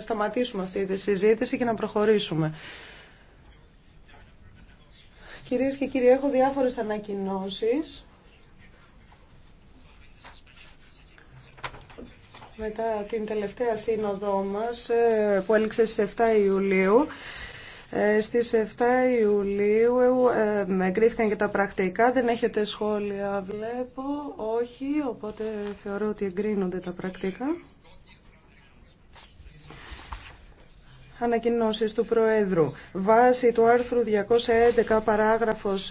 σταματήσουμε αυτή τη συζήτηση και να προχωρήσουμε. Κυρίες και κύριοι, έχω διάφορες ανακοινώσεις. Μετά την τελευταία σύνοδό μας ε, που έληξε στις 7 Ιουλίου, στις 7 Ιουλίου ε, ε εγκρίθηκαν και τα πρακτικά. Δεν έχετε σχόλια, βλέπω. Όχι, οπότε θεωρώ ότι εγκρίνονται τα πρακτικά. Ανακοινώσεις του Προέδρου. Βάσει του άρθρου 211 παράγραφος